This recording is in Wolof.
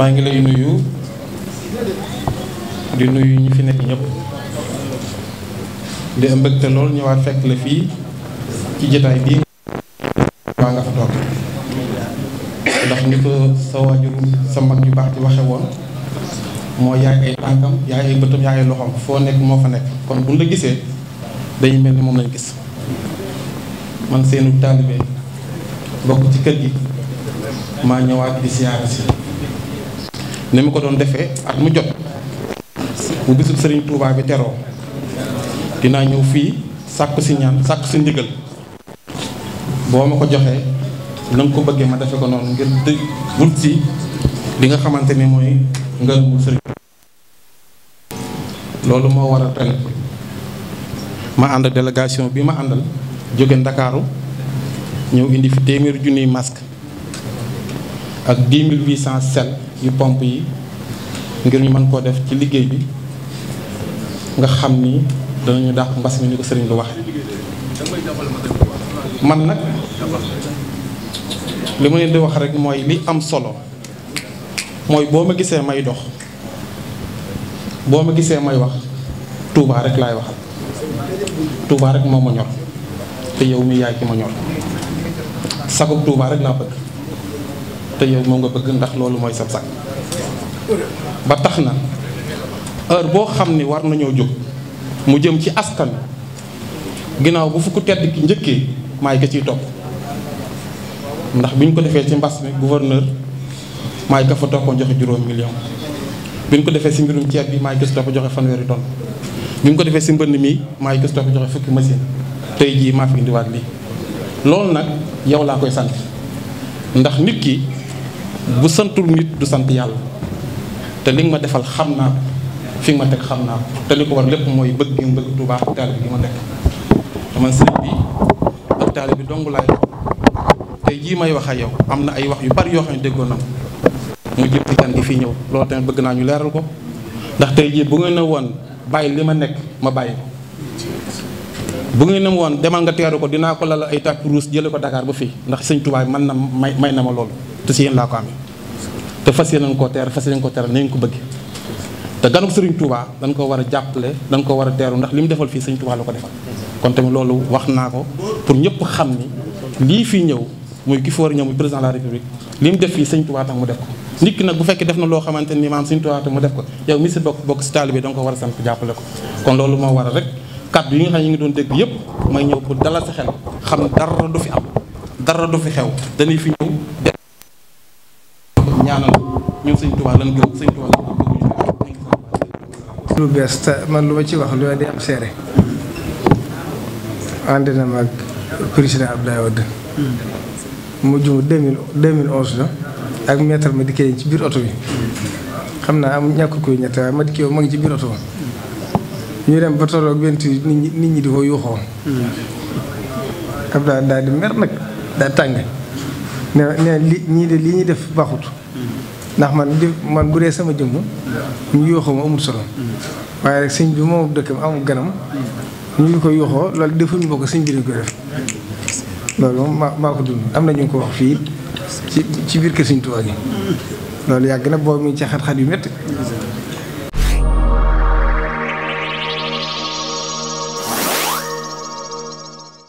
maa ngi lay nuyu di nuyu ñi fi nekk ñëpp di mbëgte lool ñëwaat fekk la fii ci jotaay bii waa nga fa toog ndax ni ko sa waajur sa mag yu baax ci waxe woon moo yaay ay tànkam yaay ay bëtam yaay ay loxoom foo nekk moo fa nekk kon buñ la gisee dañu mel ni moom lañ gis man seenu taalibe bokk ci kër gi maa ñëwaat di siyaare si ni mu ko doon defee ak mu jot bu bisub sëriñ Touba bi teroo dinaa ñëw fii sàkku si ñaan sàkku si ndigal boo ma ko joxee nag ko bëggee ma defe ko noonu ngir dë wut si li nga xamante ne mooy ngërëmul sëriñ loolu moo war a ren ma ànd ak délégation bi ma àndal jóge ndakaaru ñëw indi fi téeméeri junniy masque ak 10 800 sel yu pomp yi ngir ñu mën koo def ci liggéey bi nga xam ni danañu dàq mbas mi ni ko sëriñ lu waxe man nag li ma leen di wax rek mooy li am solo mooy boo ma gisee may dox boo ma gisee may wax tuubaa rek laay waxal Touba rek moo ma ñor te yow mi yaay ki ma ñor sagub Touba rek laa bëgg te yow moom nga bëgg ndax loolu mooy sa sag ba tax na heure boo xam ne war nañoo jóg mu jëm ci askan ginnaaw bu fukk tedd ki njëkkee maay ka ciy topp ndax bi ñu ko defee ci mbas mi gouverneur maay ka fa toppoon joxe juróom million bi ko defee si mbirum ceeb bi maay gis topp joxe fanweeri tonne bi ñu ko defee si mbënd mi maay gis topp joxe fukki machine tey jii maa fi indiwaat lii loolu nag yow laa koy sant ndax nit ki bu santul nit du sant yàlla te li nga ma defal xam naa fi nga ma teg xam naa te li ko war lépp mooy bëgg gi ma bëgg Tuubaa ak taalib gi ma nekk dama sëñ bi ak taalib bi dong laay xool tey jii may wax ak yow am na ay wax yu bari yoo xam ne déggoon na mu jëm ci gan gi fii ñëw loolu tamit bëgg naa ñu leeral ko ndax tey jii bu ngeen a woon bàyyi li ma nekk ma bàyyi bu ngeen ne woon demal nga teeru ko dinaa ko lal ay tapis rouge jële ko Dakar ba fii ndax sëñ Tuubaa man na may may na ma loolu te si yéen laa ko amee te fas yéene koo teer fas yéene koo teer nañ ko bëggee te ganu sëriñ Tuubaa dañ ko war a jàppale dañ ko war a teeru ndax li mu defal fii sëñ Tuubaa ko defal kon tamit loolu wax naa ko pour ñëpp xam ni lii fii ñëw muy ki li mu def fii sëñ Tuubaa tax mu ko nit ki nag bu fekkee def na loo xamante ni maam sëñ Tuubaa tax ko yow mi si bokk bokk si war a sant jàppale ko kon loolu moo war a rek kàddu yi nga xam ne ñu ngi doon dégg yëpp may ñëw pour dalal sa xel xam ne dara du fi am dara du fi xew dañuy fi ñëw de sëñ Tuubaa lan gëm sëñ Tuubaa man lu ma ci wax lu leen di am seere ànd na mag président Abdoulaye Wade mu jum 2011 la ak maître ma dikkee ci biir oto bi xam naa am ñàkkul koy ñett waaye ma dikkee ma ngi ci biir oto ñu dem ba tolloog vingt nit ñi di ko yuuxoo ab daal daal di mer nag daa tàng ne ne li ñii de lii ñuy def baaxut ndax man di man bu dee sama jëmm ñu yuuxoo ma amul solo waaye rek sëñ bi moom dëkkam amul ganam ñu ngi ko yuuxoo loolu defuñu ko sëñ bi koy def loolu maa maa ko dund am na ñu ko wax fii ci ci biir kër siñ Tuubaa gi loolu yàgg na boobu mi ci xat-xat yu métti